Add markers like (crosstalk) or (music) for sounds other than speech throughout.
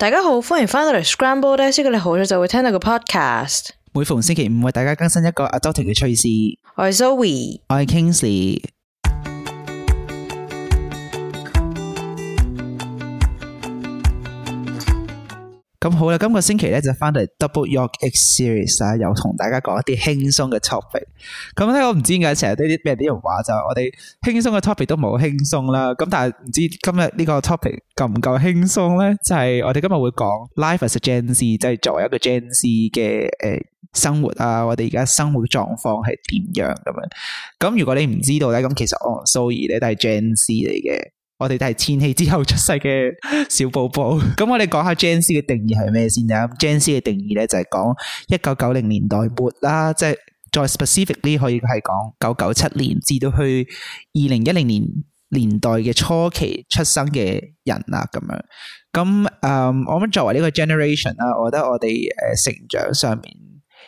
大家好，歡迎返到嚟 Scrambled 咧，知道你好早就會聽到個 podcast，每逢星期五為大家更新一個 adulting 嘅趣事。我係 Zoe，我係 Kingsley。咁好啦，今個星期咧就翻嚟 Double Yolk Egg Series、啊嗯、啦，又同大家講一啲輕鬆嘅 topic。咁咧，我唔知點解成日呢啲俾啲人話就我哋輕鬆嘅 topic 都冇輕鬆啦。咁但係唔知今日呢個 topic 夠唔夠輕鬆咧？就係、是、我哋今日會講 Life as a Gen Z，即係作為一個 Gen Z 嘅誒生活啊，我哋而家生活狀況係點樣咁樣。咁、嗯、如果你唔知道咧，咁其實我同 Zoe 咧都係 Gen Z 嚟嘅。我哋都係千禧之後出世嘅小寶寶，咁我哋講下 Gen Z 嘅定義係咩先啦？Gen Z 嘅定義咧就係講一九九零年代末啦，即係再 specifically 可以係講九九七年至到去二零一零年年代嘅初期出生嘅人啦，咁樣。咁誒、呃，我諗作為呢個 generation 啦，我覺得我哋誒成長上面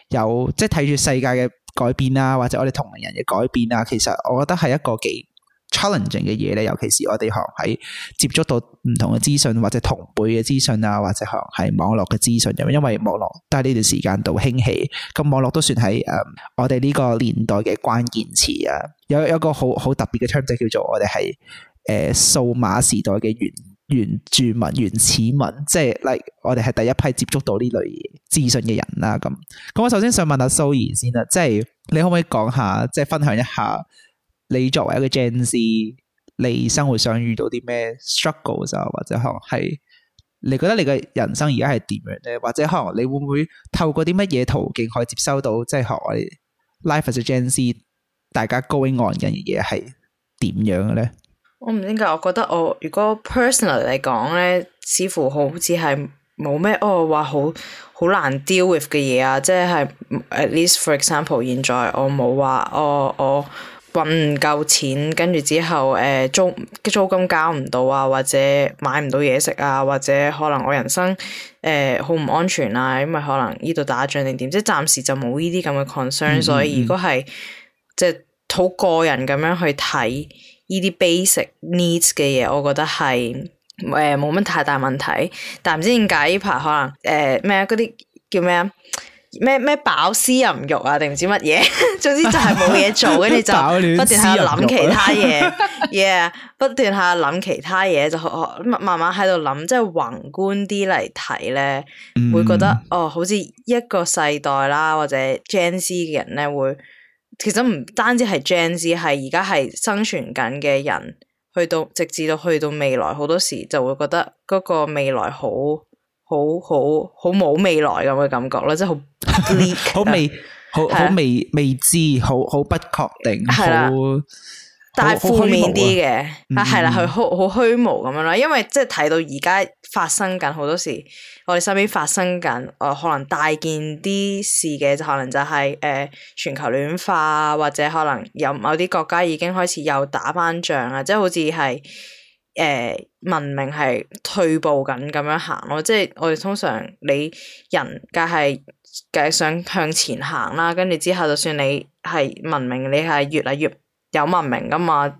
有即係睇住世界嘅改變啊，或者我哋同齡人嘅改變啊，其實我覺得係一個幾 challenging 嘅嘢咧，尤其是我哋行喺接觸到唔同嘅資訊或者同輩嘅資訊啊，或者行係網絡嘅資訊咁，因為網絡，都係呢段時間度興起，咁網絡都算係誒、嗯、我哋呢個年代嘅關鍵詞啊，有有個好好特別嘅 term 就叫做我哋係誒數碼時代嘅原原住民、原始民，即係例我哋係第一批接觸到呢類嘢資訊嘅人啦。咁，咁我首先想問下 Zoe 先啦，即係你可唔可以講下，即係分享一下？你作為一個 Gen Z，你生活上遇到啲咩 struggles 就、啊、或者可能係，你覺得你嘅人生而家係點樣咧？或者可能你會唔會透過啲乜嘢途徑可以接收到，即係學我哋 Life as a Gen Z 大家 going on 嘅嘢係點樣嘅咧？我唔知點解，我覺得我如果 personally 嚟講咧，似乎好似係冇咩哦話好好難 deal with 嘅嘢啊，即係 at least for example，現在我冇話哦我。搵唔夠錢，跟住之後誒租租金交唔到啊，或者買唔到嘢食啊，或者可能我人生誒好唔安全啊，因為可能呢度打仗定點，即係暫時就冇呢啲咁嘅 concern、嗯嗯、所以如果係即係好個人咁樣去睇呢啲 basic needs 嘅嘢，我覺得係誒冇乜太大問題，但唔知點解呢排可能誒咩嗰啲叫咩啊？咩咩飽思淫慾啊，定唔知乜嘢？ (laughs) 總之就係冇嘢做，跟住 (laughs) 就不斷喺度諗其他嘢，嘢、 (laughs) yeah, 不斷喺度諗其他嘢，就慢慢喺度諗。即、就、係、是、宏觀啲嚟睇咧，會覺得、嗯、哦，好似一個世代啦，或者 Gen Z 嘅人咧，會其實唔單止係 Gen Z，係而家係生存緊嘅人，去到直至到去到未來，好多時就會覺得嗰個未來好。好好好冇未來咁嘅感覺啦，即係 (laughs) 好 bleak< 的>好，好未未知，好好不確定，係啦的，好但係負面啲嘅，啊係啦，佢好好虛無咁樣啦，因為即係睇到而家發生緊好多事，我哋身邊發生緊，誒可能大件啲事嘅，就可能就係、是、誒、呃、全球暖化啊，或者可能有某啲國家已經開始又打返仗啊，即係好似係。誒、呃，文明係退步緊咁樣行咯，即係我哋通常你人，梗係梗係想向前行啦，跟住之後就算你係文明，你係越嚟越有文明噶嘛，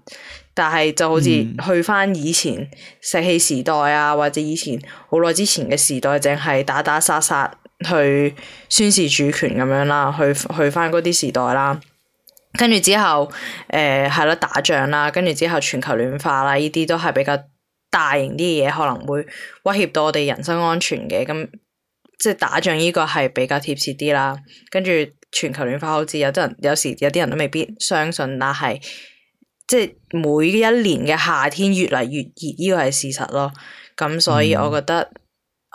但係就好似去翻以前石器時代啊，或者以前好耐之前嘅時代，淨係打打殺殺去宣示主權咁樣啦，去去翻嗰啲時代啦。跟住之後，誒係咯，打仗啦，跟住之後全球暖化啦，呢啲都係比較大型啲嘢，可能會威脅到我哋人身安全嘅。咁即係打仗呢個係比較貼切啲啦。跟住全球暖化好，好似有啲人有時有啲人都未必相信，但係即係每一年嘅夏天越嚟越熱，呢、呢個係事實咯。咁所以我覺得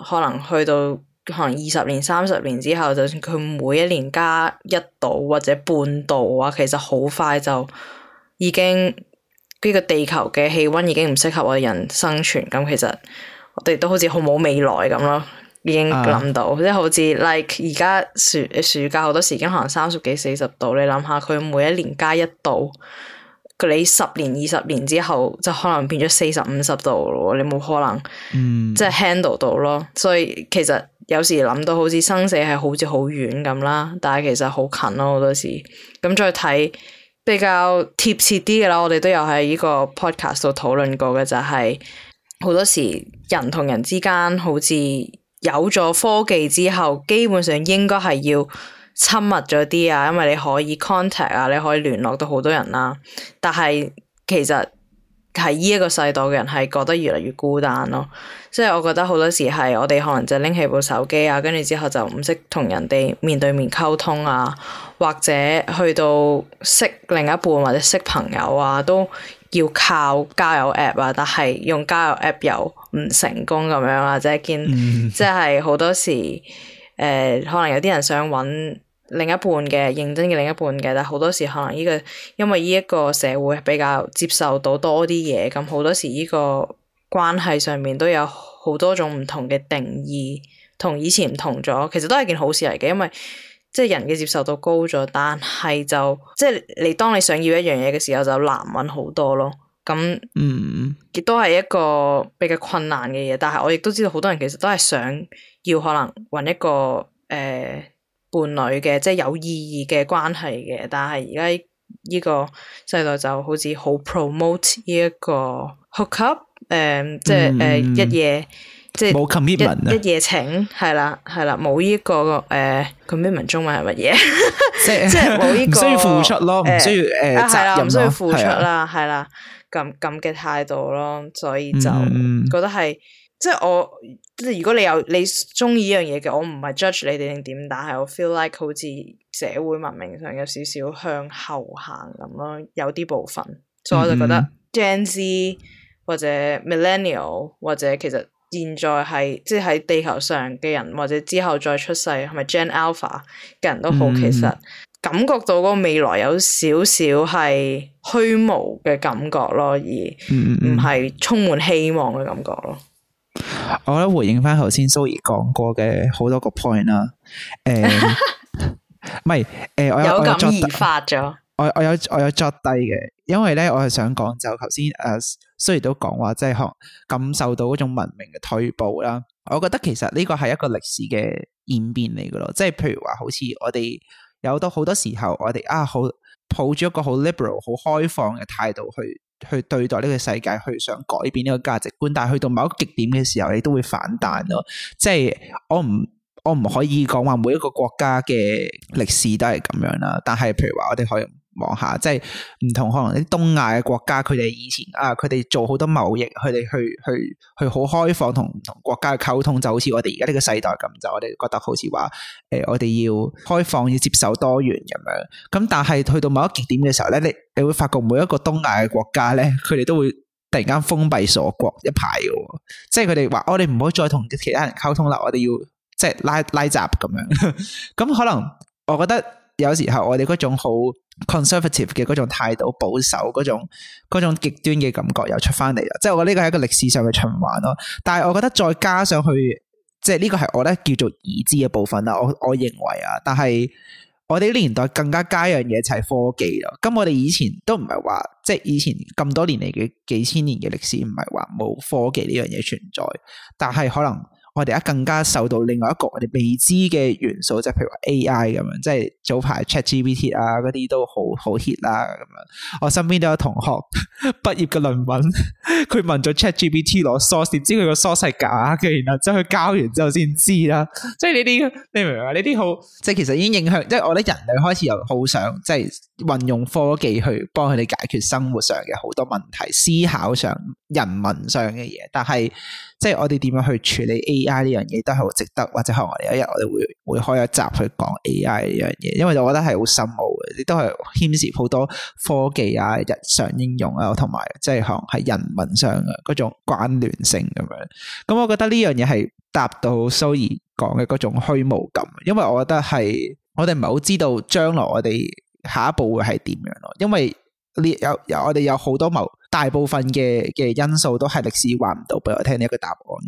可能去到，可能二十年、三十年之後，就算佢每一年加一度或者半度啊，其實好快就已經呢、呢個地球嘅氣温已經唔適合我哋人生存。咁其實我哋都好似好冇未來咁咯，已經諗到，uh, 即係好似 like 而家暑暑假好多時間可能三十幾、四十度，你諗下佢每一年加一度，佢你十年、二十年之後就可能變咗四十五十度咯，你冇可能，mm. 即係 handle 到咯。所以其實。有時諗到好似生死係好似好遠咁啦，但係其實好近咯好多時。咁再睇比較貼切啲嘅啦，我哋都有喺呢個 podcast 度討論過嘅就係好多時人同人之間好似有咗科技之後，基本上應該係要親密咗啲啊，因為你可以 contact 啊，你可以聯絡到好多人啦。但係其實喺呢一個世代嘅人係覺得越嚟越孤單咯，即係我覺得好多時係我哋可能就拎起部手機啊，跟住之後就唔識同人哋面對面溝通啊，或者去到識另一半或者識朋友啊，都要靠交友 App 啊，但係用交友 App 又唔成功咁樣，或者見、嗯、即係好多時誒、呃，可能有啲人想揾另一半嘅，認真嘅另一半嘅，但係好多時可能呢個因為呢一個社會比較接受到多啲嘢，咁好多時呢個關係上面都有好多種唔同嘅定義，同以前唔同咗，其實都係件好事嚟嘅。因為即係人嘅接受度高咗，但係就即係、就是、你當你想要一樣嘢嘅時候就難揾好多咯，咁嗯，亦都係一個比較困難嘅嘢，但係我亦都知道好多人其實都係想要可能揾一個誒。呃伴侶嘅，即係有意義嘅關係嘅，但係而家呢個世代就好似好 promote 呢一個 hookup，誒、呃，即係誒、呃、一夜即係一沒 commitment 一夜情，係啦係啦，冇呢一個誒，commitment 中文係乜嘢？ (laughs) 即係即係冇呢個需要付出咯，唔、啊、需要誒，係、呃、啦，唔、啊、需要付出啦，係啦是、啊啊，咁咁嘅態度咯，所以就覺得係、嗯就是、即係我。即係如果你有你中意依樣嘢嘅，我唔係 judge 你哋定點，但係我 feel like 好似社會文明上有少少向後行咁咯，有啲部分，所以我就覺得 Gen Z 或者 Millennial 或者其實現在係即係喺地球上嘅人，或者之後再出世係咪 Gen Alpha 嘅人都好，嗯、其實感覺到嗰個未來有少少係虛無嘅感覺咯，而唔係充滿希望嘅感覺咯。我咧回應翻頭先 Zoe 講過嘅好多個 point 啦，誒、呃，唔係， (laughs) 誒、呃，我有咁作發咗，我我有 (laughs) 我有作低嘅，因為咧我係想講就頭先誒，Zoe 都講話即係可感受到嗰種文明嘅退步啦，我覺得其實呢個係一個歷史嘅演變嚟噶咯，即係譬如話好似我哋有到好多，多時候我哋啊好抱住一個好 liberal 好開放嘅態度去。去對待呢個世界，去想改變呢個價值觀，但係去到某一個極點嘅時候，你都會反彈咯。即係我唔我唔可以講話每一個國家嘅歷史都係咁樣啦。但係譬如話我哋可以。望下，即係唔同，可能啲東亞嘅國家，佢哋以前啊，佢哋做好多貿易，佢哋去去去好開放，同唔同國家嘅溝通，就好似我哋而家呢個世代咁，就我哋覺得好似話，誒、呃，我哋要開放，要接受多元咁樣。咁但係去到某一個極點嘅時候咧，你你會發覺每一個東亞嘅國家咧，佢哋都會突然間封閉鎖國一排嘅，即係佢哋話，我哋唔好再同其他人溝通啦，我哋要即係拉拉閘咁樣。咁、 (laughs) 嗯、可能我覺得。有時候我哋嗰種好 conservative 嘅嗰種態度保守嗰種嗰種極端嘅感覺又出翻嚟啦，即係我諗呢個係一個歷史上嘅循環咯、啊。但係我覺得再加上去，即係呢個係我咧叫做已知嘅部分啦、啊。我我認為啊，但係我哋呢年代更加加一樣嘢就係科技啦、啊。咁我哋以前都唔係話，即係以前咁多年嚟嘅幾千年嘅歷史唔係話冇科技呢樣嘢存在，但係可能。我哋而家更加受到另外一個我哋未知嘅元素，就係譬如 AI 咁樣，即係早排 ChatGPT 啊，嗰啲都好好 hit 啦、啊、咁樣。我身邊都有同學畢 (laughs) 業嘅論文，佢問咗 ChatGPT 攞 source，點知佢個 source 係假嘅，然後真係交完之後先知啦。即係呢啲，你明唔明啊？呢啲好，即係其實已經影響，即係我覺得人類開始又好想，即係運用科技去幫佢哋解決生活上嘅好多問題、思考上、人文上嘅嘢，但係。即係我哋點樣去處理 AI 呢樣嘢，都係好值得，或者可能有一日我哋會會開一集去講 AI 呢樣嘢。因為就我覺得係好深奧嘅，亦都係牽涉好多科技啊、日常應用啊，同埋即係可能係人文上嘅嗰種關聯性咁樣。咁、嗯、我覺得呢樣嘢係達到 Zoe 講嘅嗰種虛無感，因為我覺得係我哋唔係好知道將來我哋下一步會係點樣咯。因為有有我哋有好多冇。大部分嘅嘅因素都係歷史，話唔到俾我聽呢一個答案咯，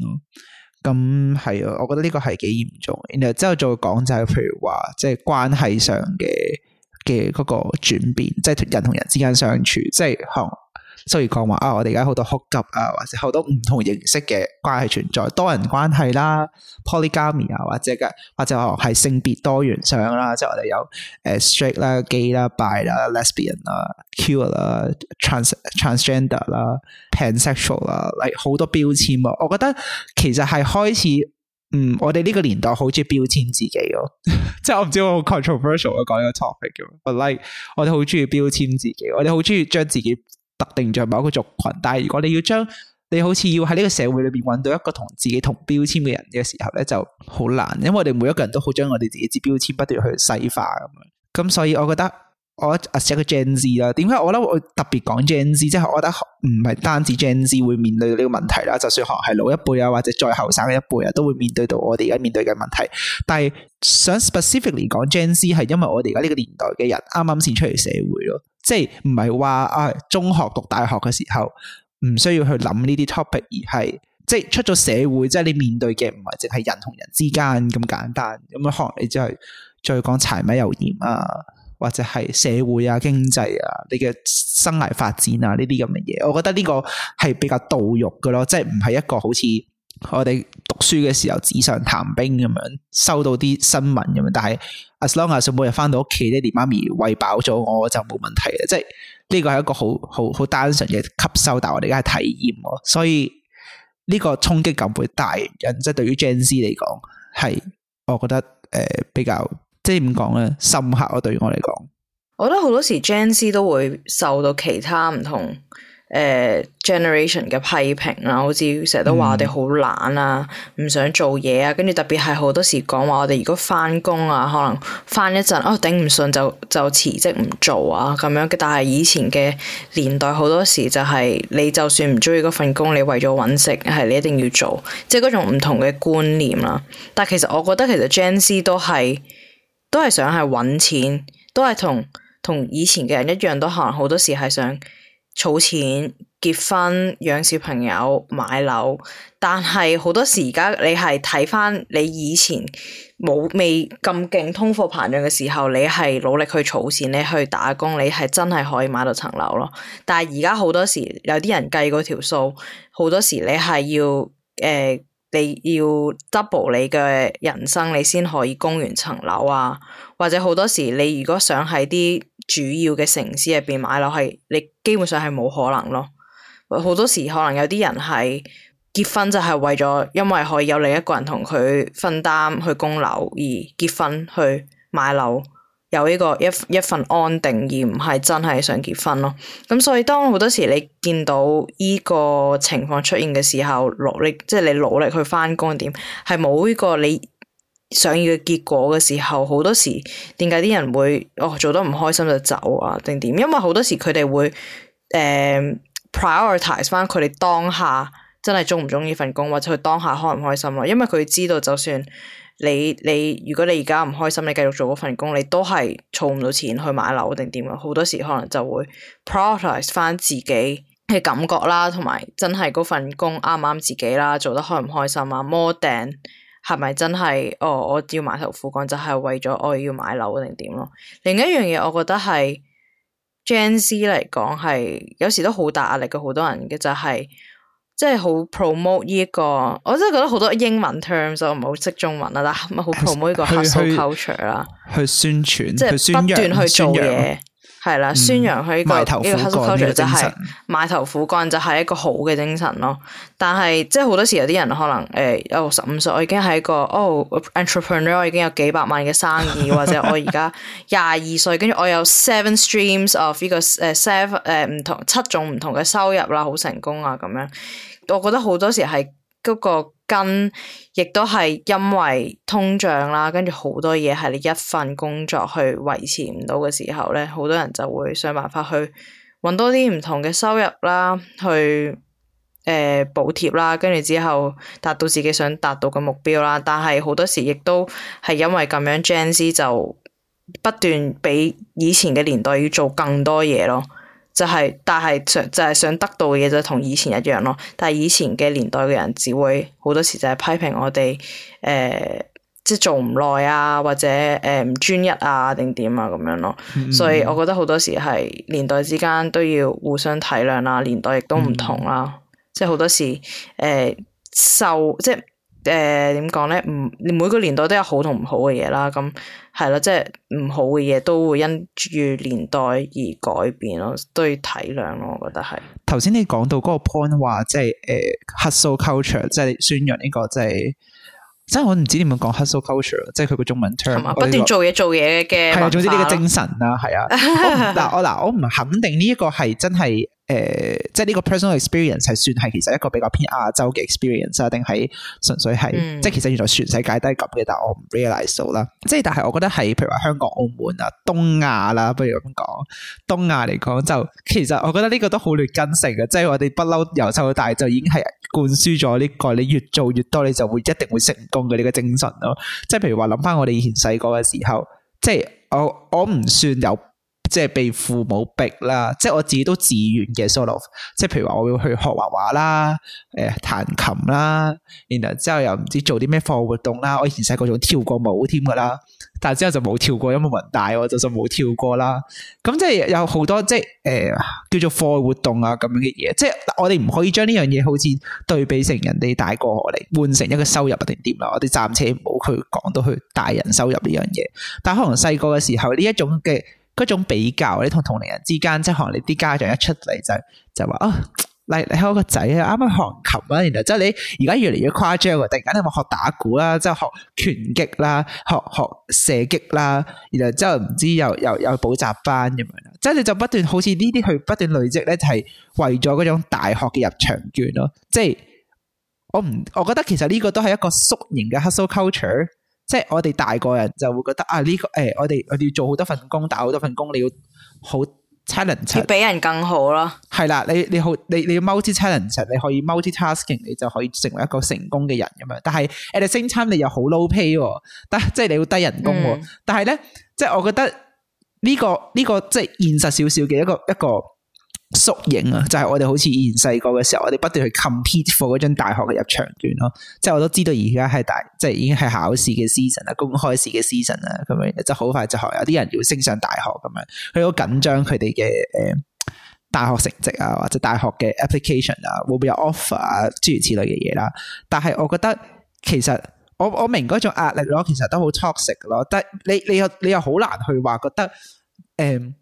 咁係啊，我覺得呢個係幾嚴重。然後之後再講就係、是，譬如話即係關係上嘅嘅嗰個轉變，即係人同人之間相處，即係行。雖然講話啊，我哋而家好多 hook up 啊，或者好多唔同形式嘅關係存在，多人關係啦，polygamy 啊，或者嘅，或者係性別多元相啦，即係我哋有誒、呃、straight 啦、gay 啦、bi 啦、lesbian 啦、queer 啦、trans transgender 啦、pansexual 啦，嚟、like, 好多標籤啊！我覺得其實係開始，嗯，我哋呢個年代好中意標籤自己咯，即係我唔知我好 controversial 啊，講 (laughs) 呢個 topic 嘅，但、like, 係我哋好中意標籤自己，我哋好中意將自己。特定在某一個族群，但係如果你要將你好似要喺呢個社會裏邊揾到一個同自己同標籤嘅人嘅時候咧，就好難，因為我哋每一個人都好將我哋自己嘅標籤不斷去細化咁樣。咁所以我覺得我阿寫個 Gen Z 啦，點解我覺得我特別講 Gen Z，即係我覺得唔係單指 Gen Z 會面對呢個問題啦，就算可能係老一輩啊，或者再後生嘅一輩啊，都會面對到我哋而家面對嘅問題。但係想 specifically 講 Gen Z，係因為我哋而家呢個年代嘅人啱啱先出嚟社會咯。即係唔係話啊中學讀大學嘅時候唔需要去諗呢啲 topic 而係即係出咗社會即係你面對嘅唔係淨係人同人之間咁簡單咁樣學你就係、是、再講柴米油鹽啊或者係社會啊經濟啊你嘅生涯發展啊呢啲咁嘅嘢我覺得呢個係比較到肉嘅咯即係唔係一個好似我哋。書嘅時候紙上談兵咁樣，收到啲新聞咁樣，但係 as long as 每日翻到屋企，爹哋媽咪餵飽咗我就冇問題嘅。即係呢個係一個好好好單純嘅吸收，但係我哋而家係體驗，所以呢、這個衝擊感會大人，人即係對於 Gen Z 嚟講係，我覺得誒、呃、比較即係點講咧，深刻咯。對於我嚟講，我覺得好多時 Gen Z 都會受到其他唔同。誒、uh,，generation 嘅批評啊，好似成日都話我哋好懶啊，唔、嗯、想做嘢啊，跟住特別係好多時講話我哋如果翻工啊，可能翻一陣，哦頂唔順就就辭職唔做啊，咁樣嘅。但係以前嘅年代好多時就係、是、你就算唔中意嗰份工，你為咗搵食係你一定要做，即係嗰種唔同嘅觀念啊。但其實我覺得其實 Gen Z 都係都係想係搵錢，都係同同以前嘅人一樣，都可能好多時係想。儲錢、結婚、養小朋友、買樓，但係好多時而家你係睇翻你以前冇未咁勁通貨膨脹嘅時候，你係努力去儲錢，你去打工，你係真係可以買到層樓咯。但係而家好多時有啲人計嗰條數，好多時你係要誒、呃、你要 double 你嘅人生，你先可以供完層樓啊。或者好多時你如果想喺啲，主要嘅城市入面買樓係，你基本上係冇可能咯。好多時可能有啲人係結婚就係為咗，因為可以有另一個人同佢分擔去供樓而結婚去買樓，有呢個一一份安定，而唔係真係想結婚咯。咁所以當好多時你見到呢個情況出現嘅時候努，落力即係你努力去翻工點，係冇呢個你。想要嘅結果嘅時候，好多時點解啲人會哦做得唔開心就走啊定點？因為好多時佢哋會誒、呃、prioritize 翻佢哋當下真係鍾唔鍾意份工，或者佢當下開唔開心啊？因為佢知道就算你你如果你而家唔開心，你繼續做嗰份工，你都係儲唔到錢去買樓定點啊？好多時可能就會 prioritize 翻自己嘅感覺啦，同埋真係嗰份工啱唔啱自己啦，做得開唔開心啊？More t 係咪真係？哦，我要埋頭苦幹就係、是、為咗、哦、我要買樓定點咯。另一樣嘢，我覺得係 Gen Z 嚟講係有時都好大壓力嘅，好多人嘅就係、是、即係、就、好、是、promote 呢、這、一個，我真係覺得好多英文 terms 我唔係好識中文啊，但係好 promote 呢個黑色 culture 啦，去宣傳，即係不斷去做嘢。係啦，嗯、宣揚佢呢個呢個 hustle culture 就係、是、埋頭苦幹就係一個好嘅精神咯。但係即係好多時有啲人可能誒，我十五歲我已經係一個哦 entrepreneur，我已經有幾百萬嘅生意， (laughs) 或者我而家廿二歲，跟住我有 seven streams of 呢個誒 seven 誒唔同七種唔同嘅收入啦，好成功啊咁樣。我覺得好多時係嗰、那個。跟亦都係因為通脹啦，跟住好多嘢，係你一份工作去維持唔到嘅時候咧，好多人就會想辦法去揾多啲唔同嘅收入啦，去誒、呃、補貼啦，跟住之後達到自己想達到嘅目標啦。但係好多時亦都係因為咁樣 (laughs) ，Gen Z 就不斷比以前嘅年代要做更多嘢咯。就係，但係想就係想得到嘅嘢就同以前一樣咯。但係以前嘅年代嘅人，只會好多時就係批評我哋，誒，即係做唔耐啊，或者誒唔專一啊，定點啊咁樣咯。嗯，所以我覺得好多時係年代之間都要互相體諒啦，年代亦都唔同啦。嗯。即係好多時誒受即係。誒，點講咧？唔每個年代都有好同唔好嘅嘢啦，咁係咯，即係唔好嘅嘢都會因住年代而改變咯，都要體諒咯，我覺得係。頭先你講到嗰個 point 話，即係誒 Hustle culture，即係宣揚呢個即係。真係我唔知點樣講 hustle culture，即係佢個中文 term，嗯。這個、不斷做嘢做嘢嘅係，總之呢個精神啦，係啊。嗱我嗱 (laughs) 我唔肯定呢一個係真係誒、呃，即係呢個 personal experience 係算係其實一個比較偏亞洲嘅 experience 啊，定係純粹係、嗯、即係其實原來全世界都係咁嘅，但係我唔 realize 到啦。即係但係我覺得係譬如話香港、澳門啊、東亞啦，不如咁講東亞嚟講就其實我覺得呢個都好劣根性嘅，即係我哋不嬲由細到大就已經係。灌輸咗呢個，你越做越多，你就會一定會成功嘅呢個精神咯、啊。即係譬如話諗翻我哋以前細個嘅時候，即係我我唔算有。即係被父母逼啦，即係我自己都自願嘅 sort of，即係譬如話我要去學畫畫啦，誒、呃、彈琴啦，然後之後又唔知做啲咩課外活動啦，我以前細個仲跳過舞添噶啦，但係之後就冇跳過，因為冇人帶，我就就冇跳過啦。咁即係有好多即係誒叫做課外活動啊咁樣嘅嘢，即係我哋唔可以將呢樣嘢好似對比成人哋大過我嚟，換成一個收入定點啦，我哋暫且唔好去講到去大人收入呢樣嘢，但可能細個嘅時候呢一種嘅。嗰種比較，你同同齡人之間，即係可能你啲家長一出嚟就就話啊，嚟嚟我個仔啊，啱啱學琴啊，然後即係你而家越嚟越誇張啊，突然間你咪學打鼓啦，即係學拳擊啦，學學射擊啦，然後之後唔知又又又補習班咁樣啦，即係你就不斷好似呢啲去不斷累積咧，就係為咗嗰種大學嘅入場券咯，即係我唔，我覺得其實呢個都係一個縮型嘅 hustle culture。即係我哋大個人就會覺得啊呢、這個誒、哎、我哋我哋要做好多份工，打好多份工，你要好 challenge 要俾人更好咯，係啦，你你好你你要 multi challenge，你可以 multi tasking，你就可以成為一個成功嘅人咁樣，但係 at the same time 你又好 low pay，但即係你要低人工、嗯、但係咧即係我覺得呢、這個呢、這個即係現實少少嘅一個一個。一個縮影啊，就係我哋好似以前細個嘅時候，我哋不斷去 compete for 嗰張大學嘅入場券咯。即係我都知道而家係大，即係已經係考試嘅 season 啊，公開試嘅 season 啊。咁樣即係好快就學有啲人要升上大學咁樣，佢好緊張佢哋嘅誒大學成績啊，或者大學嘅 application 啊，會唔會有 offer 啊，諸如此類嘅嘢啦。但係我覺得其實我我明嗰種壓力咯，其實都好 toxic 咯。但係你你，你又你又好難去話覺得誒。嗯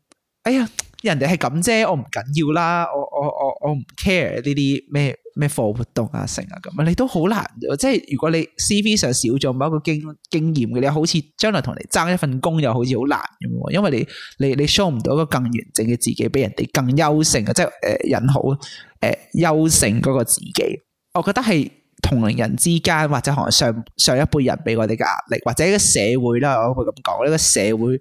哎呀，人哋係咁啫，我唔緊要啦，我我我我唔 care 呢啲咩咩課外活動啊，成啊咁啊，你都好難，即係如果你 CV 上少咗某一個經經驗嘅，你好似將來同你爭一份工又好似好難咁，因為你你你 show 唔到一個更完整嘅自己俾人哋更優勝嘅，即係誒人好誒優勝嗰個自己，我覺得係同齡人之間或者可能上上一輩人俾我哋嘅壓力，或者一個社會啦，我會咁講呢個社會。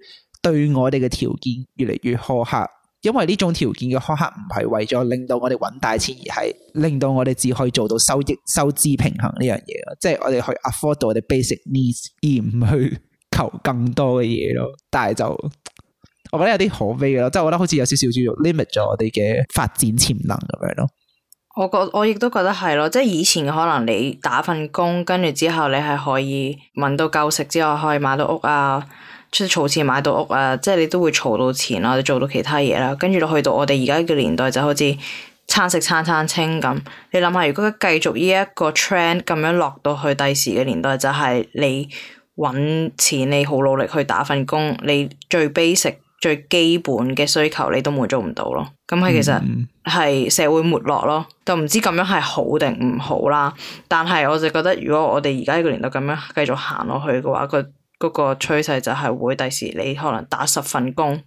對我哋嘅條件越嚟越苛刻，因為呢種條件嘅苛刻唔係為咗令到我哋揾大錢，而係令到我哋只可以做到收益收支平衡呢樣嘢。即係我哋去 afford 到我哋 basic needs，而唔去求更多嘅嘢咯。但係就我覺得有啲可悲嘅咯，即係我，我覺得好似有少少叫做 limit 咗我哋嘅發展潛能咁樣咯。我覺我亦都覺得係咯，即係以前可能你打份工，跟住之後你係可以搵到夠食之外，可以買到屋啊。出儲錢買到屋啊，即係你都會儲到錢，你做到其他嘢啦。跟住落去到我哋而家嘅年代，就好似餐食餐餐清咁。你諗下，如果繼續呢一個 trend 咁樣落到去第時嘅年代，就係你揾錢，你好努力去打份工，你最 basic 最基本嘅需求你都滿足唔到咯。咁係其實係社會沒落咯，就唔知咁樣係好定唔好啦。但係我就覺得，如果我哋而家呢個年代咁樣繼續行落去嘅話，佢、那個嗰個趨勢就係會第時你可能打十份工，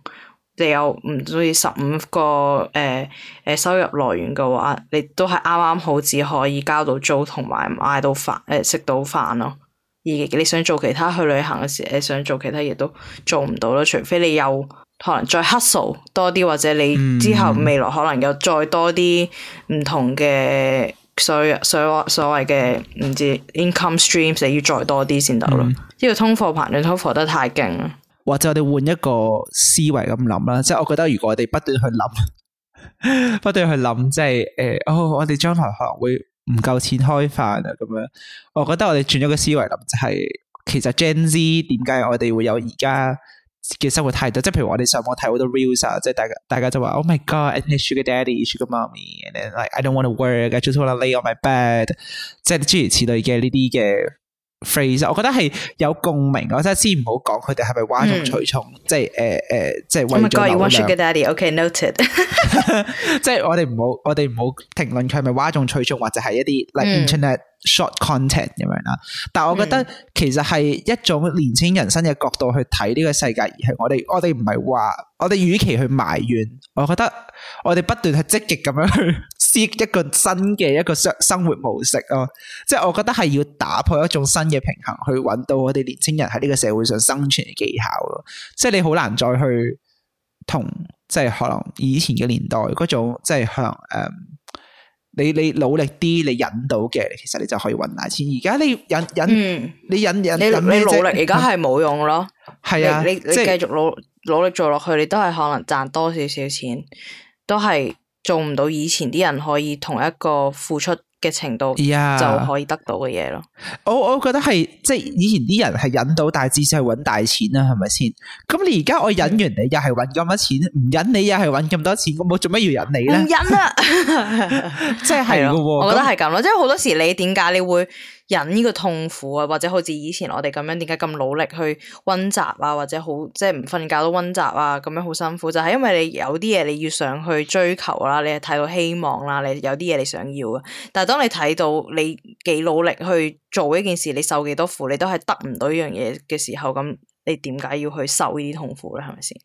你有唔中意十五個誒誒、呃、收入來源嘅話，你都係啱啱好只可以交到租同埋買到飯誒食、呃、到飯咯。而你想做其他去旅行嘅時，你、呃、想做其他嘢都做唔到咯，除非你有可能再 hustle 多啲，或者你之後未來可能有再多啲唔同嘅所所所謂嘅唔知 income streams，你要再多啲先得咯。嗯嗯。呢個通貨膨脹通貨得太勁，或者我哋換一個思維咁諗啦，即係我覺得如果我哋不斷去諗， (laughs) 不斷去諗，即係誒、哎，哦，我哋將來可能會唔夠錢開飯啊咁樣。我覺得我哋轉咗個思維諗，就係其實 Gen Z 點解我哋會有而家嘅生活態度？即係譬如我哋上網睇好多 reels 即係大家大家就話 Oh my God，and his sugar daddy，sugar mommy，and like I don't want to work，I just wanna lay on my bed，即係諸如此類嘅呢啲嘅。Phrase，我覺得係有共鳴。我覺得先唔好講佢哋係咪嘩眾取寵，即係誒誒，即係為咗。Oh my god, you want your good daddy? Okay, noted。即係我哋唔好，我哋唔好評論佢係咪嘩眾取寵，或者係一啲 like internet。嗯 short content 咁樣啦，但係我覺得其實係一種年輕人生嘅角度去睇呢個世界而，而係我哋我哋唔係話我哋，與其去埋怨，我覺得我哋不斷去積極咁樣去接一個新嘅一個生生活模式咯，啊，即係我覺得係要打破一種新嘅平衡，去揾到我哋年輕人喺呢個社會上生存嘅技巧咯，啊，即係你好難再去同即係可能以前嘅年代嗰種即係向誒。嗯你你努力啲，你忍到嘅，其實你就可以揾大錢。而家你忍忍，你忍，忍、嗯、你忍，你努力而家係冇用咯。係、嗯、啊，你你繼續努努力做落去，你都係可能賺多少少錢，都係做唔到以前啲人可以同一個付出。嘅程度 Yeah. 就可以得到嘅嘢咯，我我覺得係即係以前啲人係忍到，大致就係揾大錢啦，係咪先？咁你而家我忍完你又係揾咁多錢，唔忍你又係揾咁多錢，我冇做乜要忍你咧？唔忍啊！即係咯，我覺得係咁咯，那即係好多時你點解你會？忍呢個痛苦啊，或者好似以前我哋咁樣，點解咁努力去温習啊，或者好即係唔瞓覺都温習啊，咁樣好辛苦，就係因為你有啲嘢你要上去追求啦，你係睇到希望啦，你有啲嘢你想要嘅。但係當你睇到你幾努力去做一件事，你受幾多苦，你都係得唔到一樣嘢嘅時候，咁你點解要去受呢啲痛苦咧？係咪先？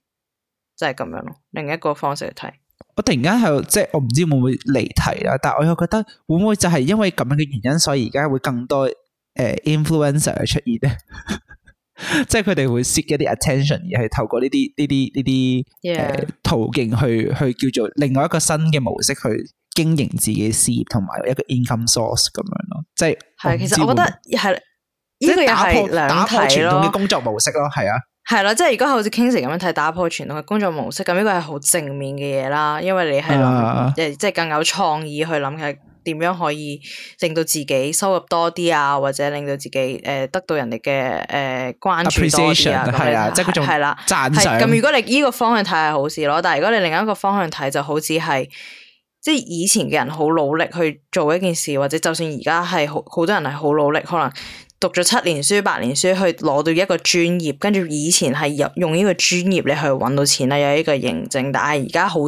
即係咁樣咯，另一個方式去睇。我突然間係即係我唔知會唔會離題啦，但係我又覺得會唔會就係因為咁樣嘅原因，所以而家會更多誒、呃、influencer 出現咧， (laughs) 即係佢哋會 seek 一啲 attention 而係透過呢啲呢啲呢啲誒途徑去，去叫做另外一個新嘅模式去經營自己事業同埋一個 income source 咁樣咯，即係係其實我覺得係。呢個係打破傳統嘅工作模式咯，係啊，係咯，即係如果好似 Kingsley 咁樣睇，打破傳統嘅工作模式，咁呢、啊啊、個係好正面嘅嘢啦。因為你係、uh, 即係更有創意去諗係點樣可以令到自己收入多啲啊，或者令到自己誒得到人哋嘅誒關注多啲 A presentation, 樣啊，係啊，即係嗰種係啦，讚賞。咁如果你呢個方向睇係好事咯，但係如果你另一個方向睇就好似係，即係以前嘅人好努力去做一件事，或者就算而家係好好多人係好努力，可能。讀咗七年書、八年書去攞到一個專業，跟住以前係入用呢個專業你去揾到錢啦，有呢個認證。但係而家好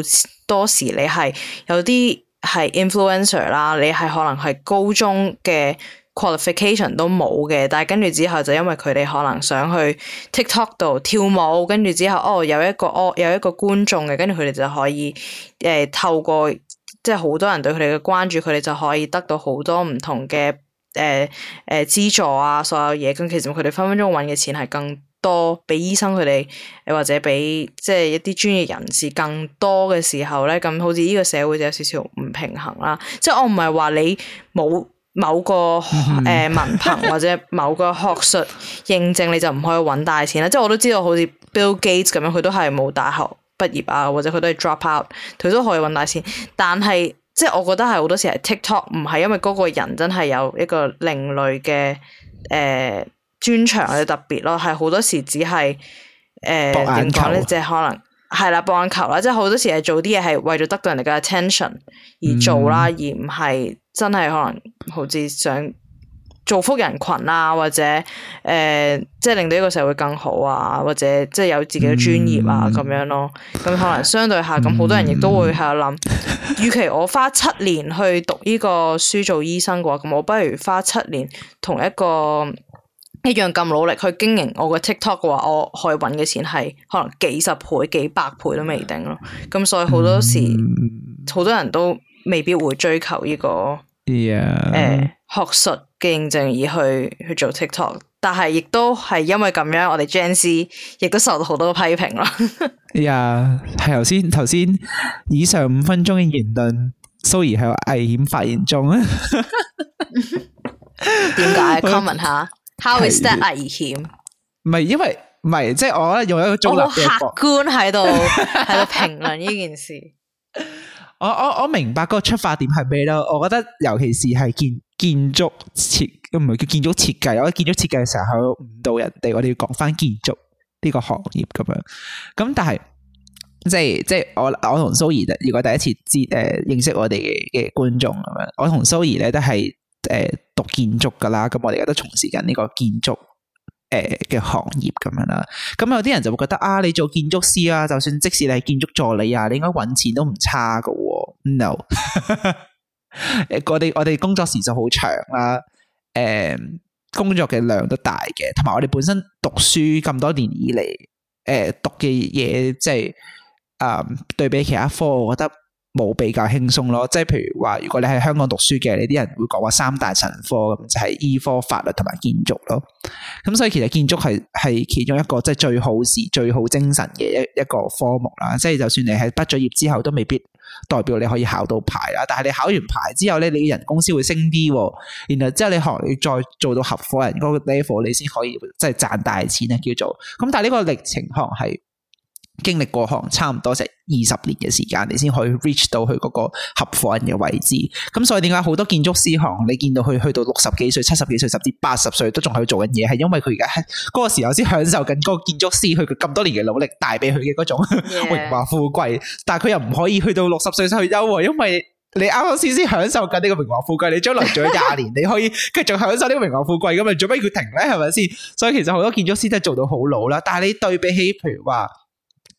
多時你係有啲係 influencer 啦，你係可能係高中嘅 qualification 都冇嘅，但係跟住之後就因為佢哋可能想去 TikTok 度跳舞，跟住之後哦有一個哦有一個觀眾嘅，跟住佢哋就可以誒、呃、透過即係好多人對佢哋嘅關注，佢哋就可以得到好多唔同嘅。誒誒、呃呃、資助啊，所有嘢咁，其實佢哋分分鐘揾嘅錢係更多，比醫生佢哋，誒或者比即係一啲專業人士更多嘅時候咧，咁好似呢個社會就有少少唔平衡啦。即係我唔係話你冇某個誒、呃、文憑或者某個學術認證你就唔可以揾大錢啦。即係我都知道好似 Bill Gates 咁樣，佢都係冇大學畢業啊，或者佢都係 drop out，佢都可以揾大錢，但係。即係我覺得係好多時係 TikTok 唔係因為嗰個人真係有一個另類嘅誒專長或者特別咯，係好多時只係誒點講咧，即係可能係啦，博眼球啦，即係好多時係做啲嘢係為咗得到人哋嘅 attention 而做啦，嗯、而唔係真係可能好似想造福人群啊，或者誒、呃、即係令到呢個社會更好啊，或者即係有自己嘅專業啊咁、嗯、樣咯。咁、嗯、可能相對下咁，好多人亦都會喺度諗。與其我花七年去讀呢個書做醫生嘅話，咁我不如花七年同一個一樣咁努力去經營我嘅 TikTok 嘅話，我可以揾嘅錢係可能幾十倍、幾百倍都未定咯。咁所以好多時、嗯、好多人都未必會追求呢、呢個誒 Yeah.、呃、學術嘅認證而去去做 TikTok。但係亦都係因為咁樣，我哋 Gen Z 亦都受到好多批評啦、yeah。呀，係頭先頭先以上五分鐘嘅言論，所以係危險發言中啊。 (laughs) (laughs) 點解 comment 下？How is that 危險？唔係因為唔係，即係我咧用一個中立、哦、客觀喺度喺度評論呢件事 (laughs) 我。我我我明白嗰個出發點係咩咯。我覺得尤其是係見。建築設唔係叫建築設計，我喺建築設計嘅時候去誤導人哋。我哋要講翻建築呢個行業咁樣。咁但係即係即係我我同蘇怡，如果第一次知誒認識我哋嘅觀眾咁、呃呃、樣，我同蘇怡咧都係誒讀建築噶啦。咁我哋而家都從事緊呢個建築誒嘅行業咁樣啦。咁有啲人就會覺得啊，你做建築師啊，就算即使你係建築助理啊，你應該搵錢都唔差噶、哦。No。 (laughs) 誒， (laughs) 我哋我哋工作時就好長啦，誒、嗯，工作嘅量都大嘅，同埋我哋本身讀書咁多年以嚟，誒、呃，讀嘅嘢即係，誒、就是嗯，對比其他科，我覺得。冇比較輕鬆咯，即係譬如話，如果你喺香港讀書嘅，你啲人會講話三大神科咁，就係醫科、e、4，法律同埋建築咯。咁所以其實建築係係其中一個即係最好時、最好精神嘅一一個科目啦。即係就算你喺畢咗業之後都未必代表你可以考到牌啊，但係你考完牌之後咧，你人工先會升啲。然後之後你學你再做到合夥人嗰個 level，你先可以即係賺大錢啊！叫做咁，但係呢個歷程可能係。經歷過行差唔多成二十年嘅時間，你先可以 reach 到佢嗰個合夥人嘅位置。咁所以點解好多建築師行，你見到佢去到六十幾歲、七十幾歲、甚至八十歲都仲係做緊嘢，係因為佢而家嗰個時候先享受緊嗰個建築師佢咁多年嘅努力帶俾佢嘅嗰種榮華富貴。Yeah. 但係佢又唔可以去到六十歲先去休，因為你啱啱先先享受緊呢個榮華富貴，你將來咗廿年， (laughs) 你可以繼續享受呢個榮華富貴，咁咪做咩要停咧？係咪先？所以其實好多建築師都係做到好老啦。但係你對比起譬如話，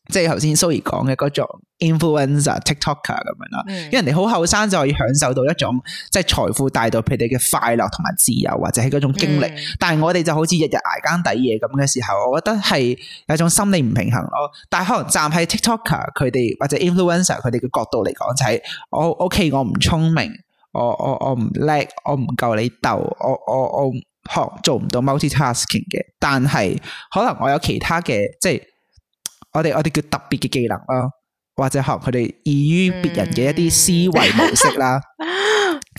即係頭先 Zoe 講嘅嗰種 influencer TikToker 咁樣啦，嗯、因為人哋好後生就可以享受到一種即係財富帶到佢哋嘅快樂同埋自由，或者係嗰種經歷。嗯、但係我哋就好似日日挨更抵夜咁嘅時候，我覺得係有一種心理唔平衡咯。但係可能站喺 TikToker 佢哋或者 influencer 佢哋嘅角度嚟講，就是，就係我 OK，我唔聰明，我我我唔叻，我唔夠你鬥，我我我學做唔到 multi-tasking 嘅。但係可能我有其他嘅即係。我哋我哋叫特別嘅技能咯，或者學佢哋異於別人嘅一啲思維模式啦。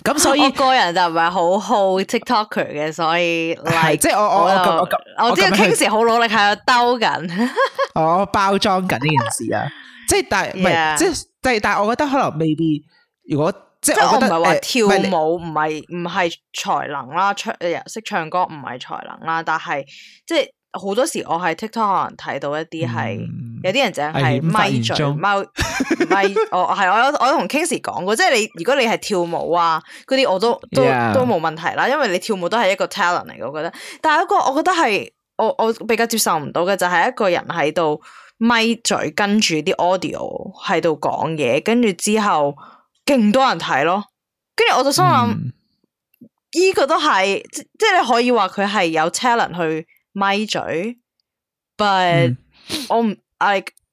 咁所以個人就唔係好好 TikTok 嘅，所以係即係我我我知 Kings 好努力喺度兜緊，我包裝緊呢件事啊！即係但係唔係即係但係我覺得可能未必。如果即係我唔係話跳舞唔係唔係才能啦，唱又識唱歌唔係才能啦，但係即係好多時我喺 TikTok 可能睇到一啲係。有啲人淨係咪嘴，咪咪，我係我我同 Kingsy 講過，即係你如果你係跳舞啊嗰啲，我都都 Yeah. 都冇問題啦，因為你跳舞都係一個 talent 嚟嘅，我覺得。但係一個我覺得係我我比較接受唔到嘅，就係一個人喺度咪嘴跟住啲 audio 喺度講嘢，跟住之後勁多人睇咯。跟住我就心諗，呢、mm. 個都係即係你可以話佢係有 talent 去咪嘴，但係、mm. 我唔。我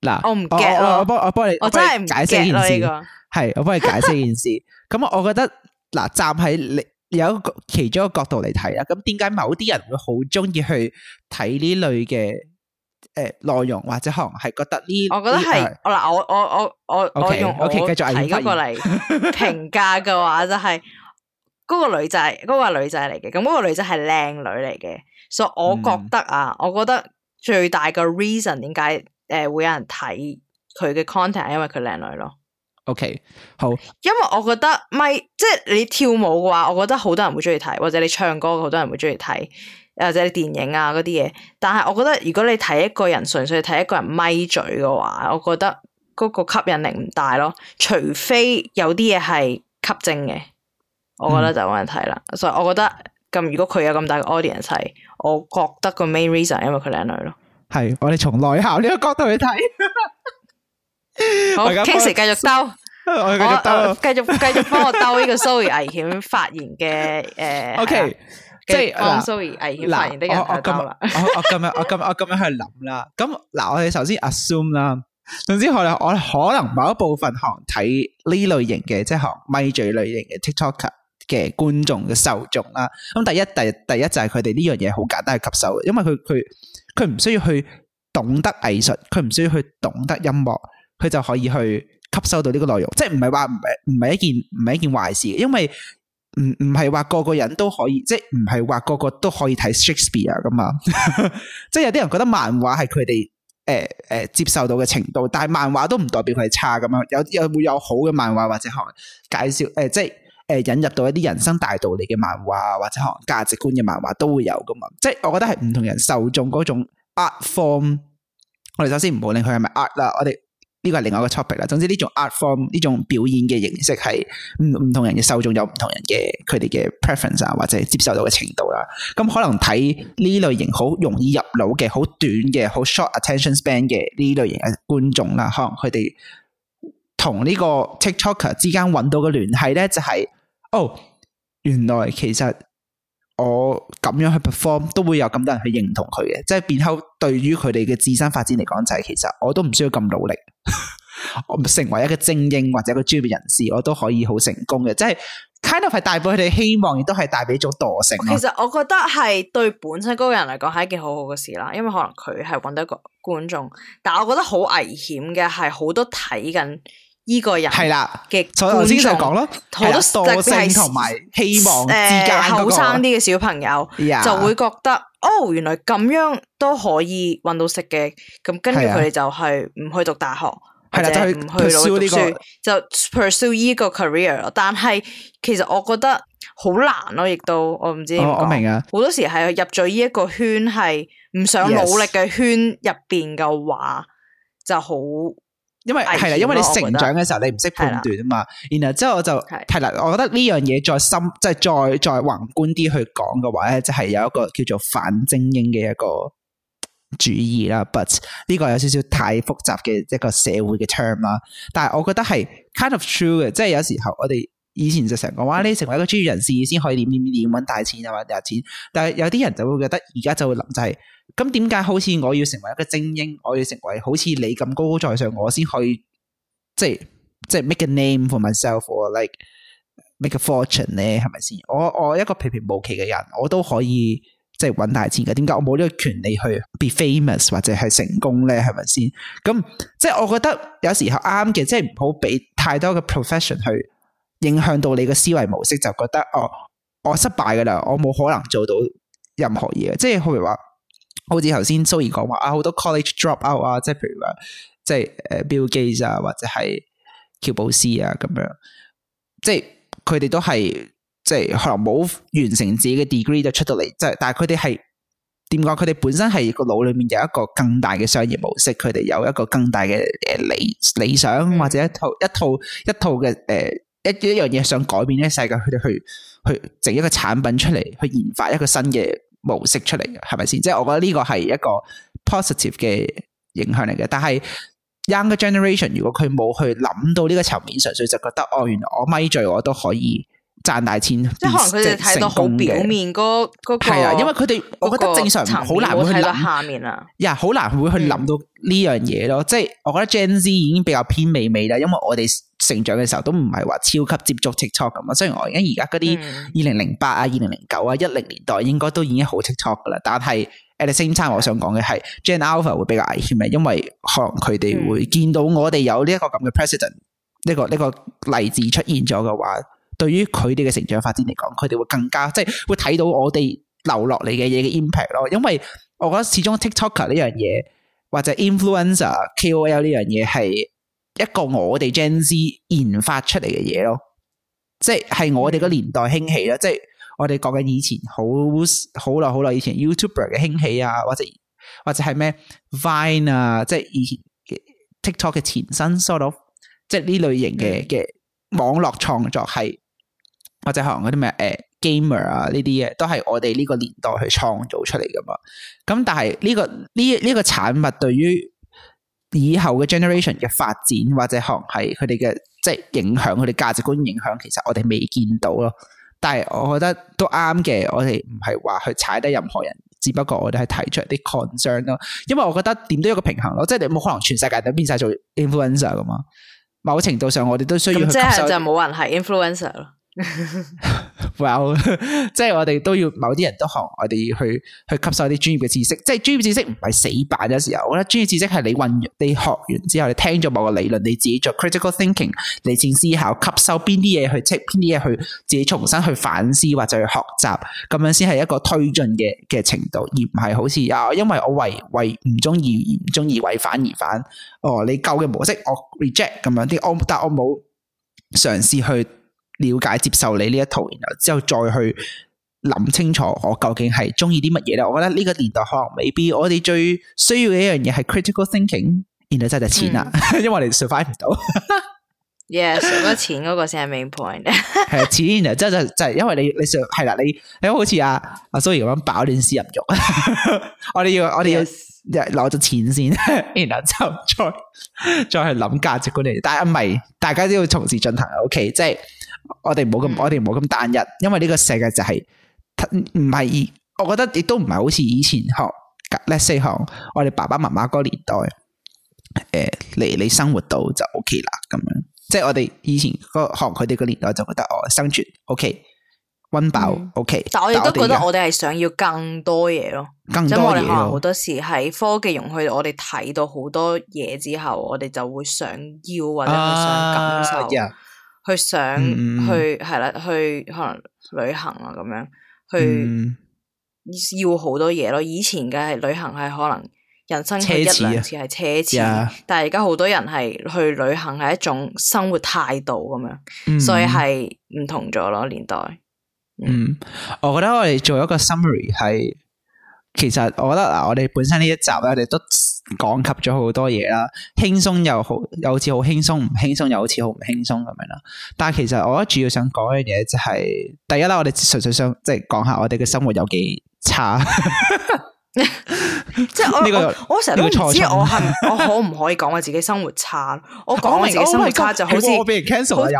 嗱，我唔驚，我我我幫，我幫你解釋呢件事。係，我幫你解釋呢件事。咁我我覺得嗱，站喺你有其中一個角度嚟睇啊，咁點解某啲人會好中意去睇呢類嘅誒內容，或者可能係覺得呢？我覺得係，嗱，我我我我我用我睇咗過嚟評價嘅話，就係嗰個女仔，嗰個女仔嚟嘅。咁嗰個女仔係靚女嚟嘅，所以我覺得啊，我覺得最大嘅 reason 點解？誒，會有人睇佢嘅 content，因為佢靚女咯。OK，好，因為我覺得咪，即係你跳舞嘅話，我覺得好多人會中意睇，或者你唱歌，好多人會中意睇，或者你電影啊嗰啲嘢。但係我覺得如果你睇一個人，純粹睇一個人咪嘴嘅話，我覺得嗰個吸引力唔大咯。除非有啲嘢係吸睛嘅，我覺得就冇人睇啦。嗯、所以我覺得咁，如果佢有咁大嘅 audience，係我覺得個 main reason，因為佢靚女咯。係，我哋從內校呢個角度去睇，好，Kings 繼續兜，我繼續兜，繼續繼續幫我兜呢個 Zoe 危險發言嘅誒，O K，即係 Zoe 危險發言的人就兜啦。我咁樣，我咁我咁樣去諗啦。咁嗱，我哋首先 assume 啦，總之我哋我可能某一部分行睇呢類型嘅，即係行咪嘴類型嘅 TikTok 嘅觀眾嘅受眾啦。咁第一第第一就係佢哋呢樣嘢好簡單係吸收，因為佢佢。佢唔需要去懂得藝術，佢唔需要去懂得音樂，佢就可以去吸收到呢個內容，即係唔係話唔係一件唔係一件壞事，因為唔唔係話個個人都可以，即係唔係話個個都可以睇 Shakespeare 咁啊。 (laughs) 即係有啲人覺得漫畫係佢哋誒誒接受到嘅程度，但係漫畫都唔代表佢係差咁樣，有有會有好嘅漫畫或者學介紹誒、呃，即係。誒，引入到一啲人生大道理嘅漫畫或者可能價值觀嘅漫畫都會有噶嘛？即係我覺得係唔同人受眾嗰種 art form 我是是 art。我哋首先唔好令佢係咪 art 啦，我哋呢個係另外一個 topic 啦。總之呢種 art form 呢種表演嘅形式係唔唔同人嘅受眾有唔同人嘅佢哋嘅 preference 啊，pre ference，或者接受到嘅程度啦。咁、嗯、可能睇呢類型好容易入腦嘅、好短嘅、好 short attention span 嘅呢類型嘅觀眾啦，可能佢哋同呢個 tiktoker 之間搵到嘅聯繫咧，就係、是。哦，oh, 原來其實我咁樣去 perform 都會有咁多人去認同佢嘅，即係變後對於佢哋嘅自身發展嚟講，就係其實我都唔需要咁努力， (laughs) 我成為一個精英或者一個專業人士，我都可以好成功嘅。即係 kind of 係帶俾佢哋希望，亦都係帶俾咗惰性。其實我覺得係對本身嗰個人嚟講係一件好好嘅事啦，因為可能佢係搵到一個觀眾，但係我覺得好危險嘅係好多睇緊。依個人係啦，嘅，頭先就講咯，好多惰性同埋希望之間嗰後生啲嘅小朋友就會覺得、啊、哦，原來咁樣都可以搵到食嘅，咁跟住佢哋就係唔去讀大學，就、啊、或者唔去努力讀書，就 pursue 依個 career。但係其實我覺得好難咯、啊，亦都我唔知點講、哦、我明啊，好多時係入咗依一個圈，係唔想努力嘅圈入邊嘅話，Yes. 就好。因為係啦，哎呦因為你成長嘅時候你唔識判斷啊嘛，然後之後我就係啦，我覺得呢樣嘢再深，即係再再宏觀啲去講嘅話咧，就係有一個叫做反精英嘅一個主義啦。But 呢個有少少太複雜嘅一個社會嘅 term 啦。但係我覺得係 kind of true 嘅，即係有時候我哋以前就成個話，你成為一個專業人士先可以點點點揾大錢啊，揾大錢。但係有啲人就會覺得而家就會諗就係。咁點解好似我要成為一個精英，我要成為好似你咁高高在上，我先可以即係即係 make a name for myself，like make a fortune 咧？係咪先？我我一個平平無奇嘅人，我都可以即係搵大錢嘅。點解我冇呢個權利去 be famous 或者係成功咧？係咪先？咁即係我覺得有時候啱嘅，即係唔好俾太多嘅 profession 去影響到你嘅思維模式，就覺得哦，我失敗㗎喇，我冇可能做到任何嘢，即係譬如話。好似頭先 Zoe 講話啊，好多 college drop out 啊，即係譬如話，即係誒，Bill Gates 啊，或者係喬布斯啊，咁樣，即係佢哋都係，即係可能冇完成自己嘅 degree 就出到嚟，即係，但係佢哋係點講？佢哋本身係個腦裏面有一個更大嘅商業模式，佢哋有一個更大嘅誒理理想，或者一套一套一套嘅誒、呃、一一樣嘢想改變呢世界，佢哋去去整一個產品出嚟，去研發一個新嘅。模式出嚟，嘅，係咪先？即係我覺得呢個係一個 positive 嘅影響嚟嘅。但係 younger generation，如果佢冇去諗到呢個層面上，所以就覺得哦，原來我咪醉我都可以賺大錢，即係成功嘅表面嗰嗰係啊。因為佢哋我覺得正常好難會睇到下面啊，呀，好難會去諗到呢樣嘢咯。嗯、即係我覺得 Gen Z 已經比較偏微微啦，因為我哋。成長嘅時候都唔係話超級接觸 TikTok 咁啊，雖然我而家而家嗰啲二零零八啊、二零零九啊、一零年代應該都已經好 TikTok 噶啦，但係 at the same time 我想講嘅係 Gen Alpha 會比較危險嘅，因為可能佢哋會見到我哋有呢、這、一個咁嘅 precedent 呢個呢、這個例子出現咗嘅話，對於佢哋嘅成長發展嚟講，佢哋會更加即係會睇到我哋留落嚟嘅嘢嘅 impact 咯，因為我覺得始終 TikTok 呢樣嘢或者 influencer KOL 呢樣嘢係，一個我哋 Gen Z 研發出嚟嘅嘢咯，即係我哋個年代興起啦，即係我哋講緊以前好好耐好耐以前 YouTuber 嘅興起啊，或者或者係咩 Vine 啊，即係以前 TikTok 嘅前身，sort of, 即係呢類型嘅嘅網絡創作係或者可能嗰啲咩誒、呃、gamer 啊呢啲嘢都係我哋呢個年代去創造出嚟噶嘛，咁但係、這、呢個呢呢、呢個呢個產物對於。以後嘅 generation 嘅發展，或者可能係佢哋嘅即係影響佢哋價值觀影響其實我哋未見到咯。但係我覺得都啱嘅，我哋唔係話去踩低任何人，只不過我哋係提出一啲 concern 咯。因為我覺得點都有一個平衡咯，即係你冇可能全世界都變晒做 influencer 噶嘛。某程度上，我哋都需要即係就冇人係 influencer 咯。 (laughs) Well, 即係我哋都要，某啲人都學我哋要去去吸收啲專業嘅知識。即係專業知識唔係死板嘅時候，我覺得專業知識係你運，你學完之後，你聽咗某個理論，你自己做 critical thinking，你先思考吸收邊啲嘢去 take 邊啲嘢去自己重新去反思或者去學習，咁樣先係一個推進嘅嘅程度，而唔係好似啊，因為我為為唔中意而唔中意為反而反哦，你舊嘅模式我 reject 咁樣啲，但我冇嘗試去，了解接受你呢一套，然後之後再去諗清楚我究竟係中意啲乜嘢咧？我覺得呢個年代可能未必，我哋最需要嘅一樣嘢係 critical thinking，然後就係錢啦，嗯、因為我哋 survive 唔到 yeah。 (laughs) Yes，除咗錢嗰個先係 main point，係 (laughs) 錢，然後之後就係、就係、係就係、因為你你想係啦，你你，你好似阿阿 Zoe 咁，飽暖思淫慾， (laughs) 我哋要我哋 Yes. 要攞咗錢先，然後之後再再，再去諗價值觀嚟。但係唔係，大家都要同時進行。OK，即係。我哋冇咁，嗯、我哋冇咁單一，因為呢個世界就係唔係，我覺得亦都唔係好似以前學嗱四行，say, 學我哋爸爸媽媽嗰年代，誒、呃，嚟你，你生活到就 OK 啦，咁樣，即係我哋以前學佢哋個年代就覺得我、哦、生存 OK，溫飽 OK，、嗯、OK，但我亦都覺得我哋係想要更多嘢咯，即係我哋好多時喺科技容許我哋睇到好多嘢之後，我哋就會想要或者想感受、啊。Yeah. 去想去係啦、嗯，去可能旅行啊咁樣，去、嗯、要好多嘢咯。以前嘅係旅行係可能人生係一兩次兩次係奢侈，奢侈啊、但係而家好多人係去旅行係一種生活態度咁樣，嗯、所以係唔同咗咯年代。嗯，我覺得我哋做一個 summary 係。其實我覺得嗱，我哋本身呢一集咧，我哋都講及咗好多嘢啦，輕鬆又好，又好似好輕鬆，唔輕鬆又好似好唔輕鬆咁樣啦。但係其實我覺得主要想講嘅嘢，就係第一啦，我哋純粹想即係講下我哋嘅生活有幾差。 (laughs) (laughs) 即係我呢、 (laughs) 這個、我成日都唔知 (laughs) 我係我可唔可以講我自己生活差。我講我自己生活差就好似、 (laughs) 哦、我俾人 cancel (laughs) 就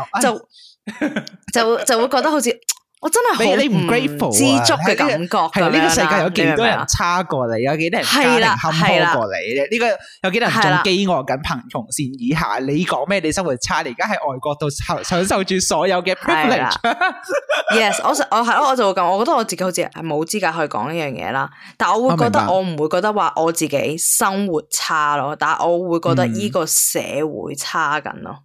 就就，就會覺得好似。我真係好，你唔 g r 知足嘅感覺，係啊！呢、這個、個世界有幾多人差過你，你有幾多人家庭坎坷過你咧？呢個有幾多人仲飢餓緊？貧窮線以下，你講咩？你生活差，你而家喺外國度享受住所有嘅 privilege 的。 (laughs) yes，我我係咯，我就咁，我覺得我自己好似係冇資格去講呢樣嘢啦。但我會覺得我唔會覺得話我自己生活差咯，但我會覺得呢個社會差緊咯。嗯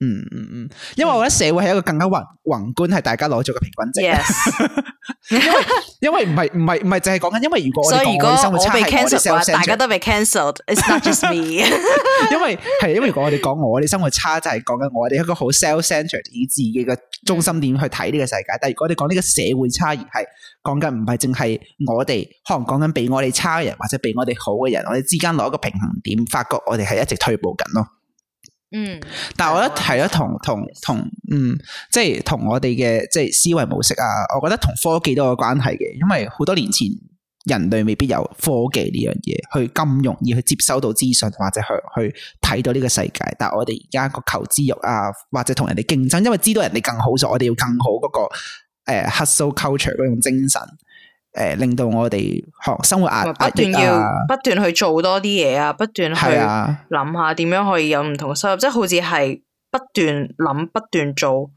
嗯嗯嗯，因為我覺得社會係一個更加宏宏觀，係大家攞咗個平均值。Yes. (laughs) 因為唔係唔係唔係，淨係講緊。因為如果，所以如果我被 c a n c e l l e 大家都被 c a n c e l e d i t s not just me。因為係因為如果我哋講我哋生活差， (laughs) 生活差，就係講緊我哋一個好 s e l l centred 以自己嘅中心點去睇呢個世界。但係如果你哋講呢個社會差異，係講緊唔係淨係我哋可能講緊比我哋差嘅人，或者比我哋好嘅人，我哋之間攞一個平衡點，發覺我哋係一直退步緊咯。嗯，但係我覺得，提咗同同同，嗯，即係同我哋嘅即係思維模式啊，我覺得同科技都有關係嘅，因為好多年前人類未必有科技呢樣嘢，去咁容易去接收到資訊，或者去去睇到呢個世界。但係我哋而家個求知欲啊，或者同人哋競爭，因為知道人哋更好，所以我哋要更好嗰嗰個誒、呃、hustle culture 嗰種精神。誒，令到我哋學生活壓力、啊、不斷要不斷去做多啲嘢啊，不斷去諗下點樣可以有唔同收入，是啊、即係好似係不斷諗、不斷做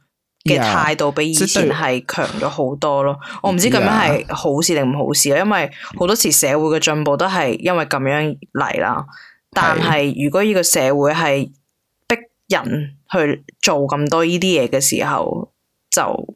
嘅態度，比以前係強咗好多咯。是啊、我唔知咁樣係好事定唔好事啊，因為好多時社會嘅進步都係因為咁樣嚟啦。但係如果呢個社會係逼人去做咁多呢啲嘢嘅時候，就。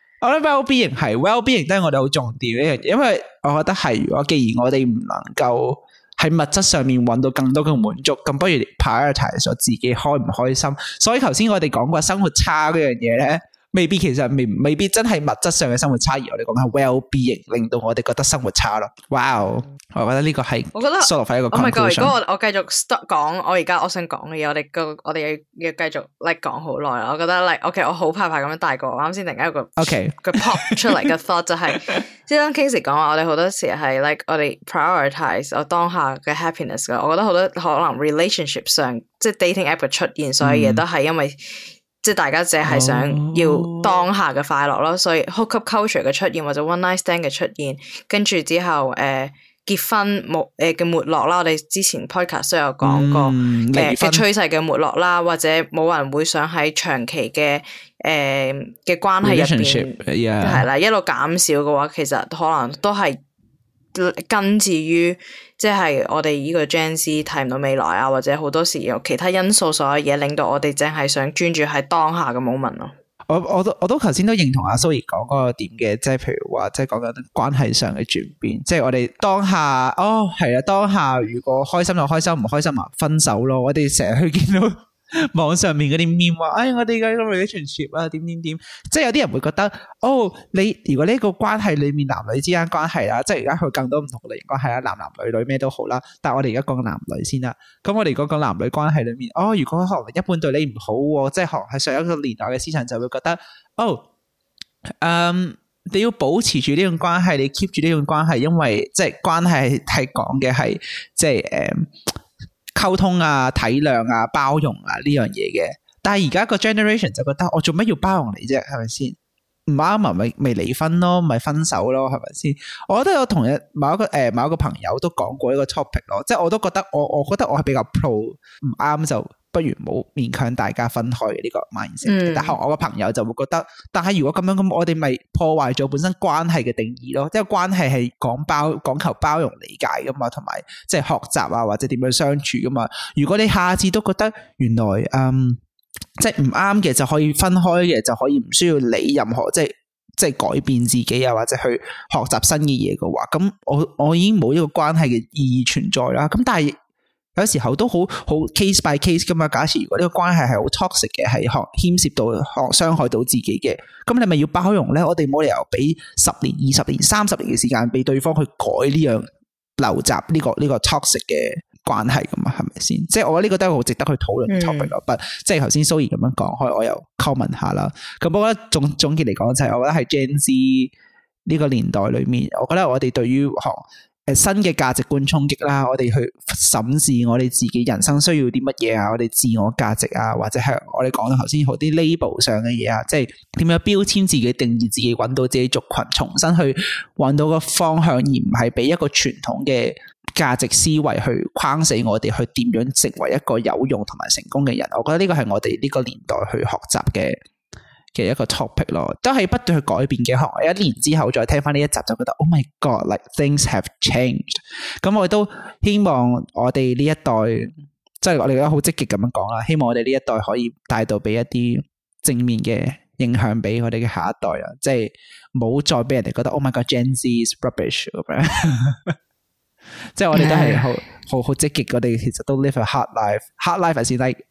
我覺得 well-being 係，well-being 都係我哋好重點一樣嘢，因為我覺得係，如果既然我哋唔能夠喺物質上面揾到更多嘅滿足，咁不如 prioritize 咗自己開唔開心。所以頭先我哋講過生活差嗰樣嘢咧。未必其實未未必真係物質上嘅生活差，而我哋講緊 well being，令到我哋覺得生活差咯。哇、wow, 我覺得呢個係我覺得蘇洛輝一個如果我我繼續 stop 講，我而家我,我想講嘅嘢，我哋個我哋要要繼續 like 講好耐啦。我覺得 like, OK，我好怕怕咁樣大個。啱先突然一個 OK 個,個 pop 出嚟嘅 thought 就係、是，即係 Kingsley 講話，我哋好多時係 like 我哋 prioritize 我當下嘅 happiness 噶。我覺得好多可能 relationship 上，即係 dating app 出現，所有嘢都係因為。 (laughs) 即係大家淨係想要當下嘅快樂咯，所以 hookup culture 嘅出現或者 one night stand 嘅出現，跟住之後，誒、呃、結婚沒誒嘅沒落啦，我哋之前 podcast 都有講過，誒嘅趨勢嘅沒落啦，或者冇人會想喺長期嘅誒嘅關係入邊係啦，一路減少嘅話，其實可能都係。根植於，即係我哋依個 Gen Z 睇唔到未來啊，或者好多時有其他因素所有嘢，令到我哋淨係想專注喺當下嘅 moment 咯。我我都我都頭先都認同阿蘇怡講嗰個點嘅，即係譬如話，即係講緊關係上嘅轉變，即係我哋當下哦係啊，當下如果開心就開心，唔開心啊分手咯。我哋成日去見到。 (laughs) 網上面嗰啲面話，哎，我哋嘅 relationship 啊，點點點，即係有啲人會覺得，哦，你如果呢個關係裏面男女之間關係啊，即係而家佢更多唔同嘅類型關係啦，男男女女咩都好啦，但係我哋而家講個男女先啦，咁我哋講講男女關係裏面，哦，如果可能一般對你唔好，啊，即係可能喺上一個年代嘅思想就會覺得，哦，嗯，你要保持住呢種關係，你 keep 住呢種關係，因為即係關係係講嘅係即係誒。嗯溝通啊、體諒啊、包容啊呢樣嘢嘅，但係而家個 generation 就覺得我做乜要包容你啫？係咪先？唔啱咪咪離婚咯，咪分手咯？係咪先？我覺得我同一某一個誒、呃、某一個朋友都講過一個 topic 咯，即係我都覺得我我覺得我係比較 pro 唔啱就。不如冇勉強大家分開嘅呢個 mindset 但係我個朋友就會覺得，但係如果咁樣咁，我哋咪破壞咗本身關係嘅定義咯。即係關係係講包講求包容理解噶嘛，同埋即係學習啊，或者點樣相處噶嘛。如果你下次都覺得原來嗯即係唔啱嘅，就是、就可以分開嘅，就可以唔需要理任何即係即係改變自己啊，或者去學習新嘅嘢嘅話，咁我我已經冇呢個關係嘅意義存在啦。咁但係。有時候都好好 case by case 噶嘛。假設如果呢個關係係好 toxic 嘅，係牽涉到、害傷害到自己嘅，咁你咪要包容咧？我哋冇理由俾十年、二十年、三十年嘅時間，俾對方去改呢樣陋習呢個呢、這個、這個、toxic 嘅關係噶嘛？係咪先？即係我覺得呢個都係好值得去討論 topic 咯、嗯嗯。不，即係頭先 Zoe 咁樣講開，我又 comment 下啦。咁我覺得總總結嚟講，就係我覺得係 Gen Z 呢個年代裏面，我覺得我哋對於學。誒，新嘅價值觀衝擊啦，我哋去審視我哋自己人生需要啲乜嘢啊，我哋自我價值啊，或者係我哋講到頭先好啲 label 上嘅嘢啊，即係點樣標籤自己定義自己，揾到自己族群，重新去揾到個方向，而唔係俾一個傳統嘅價值思維去框死我哋，去點樣成為一個有用同埋成功嘅人。我覺得呢個係我哋呢個年代去學習嘅。嘅一個 topic 咯，都係不斷去改變嘅。我一年之後再聽翻呢一集，就覺得 Oh my God，like things have changed。咁我亦都希望我哋呢一代，即係我哋而家好積極咁樣講啦，希望我哋呢一代可以帶到俾一啲正面嘅影響俾我哋嘅下一代啊，即係冇再俾人哋覺得 Oh my God，Gen Z is rubbish 咁樣。即 (laughs) 係我哋都係好好好積極，我哋其實都 live a hard life，hard life as life like。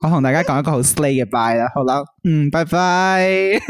我同大家講一個好 slay 嘅 bye 啦，好啦，嗯，拜拜。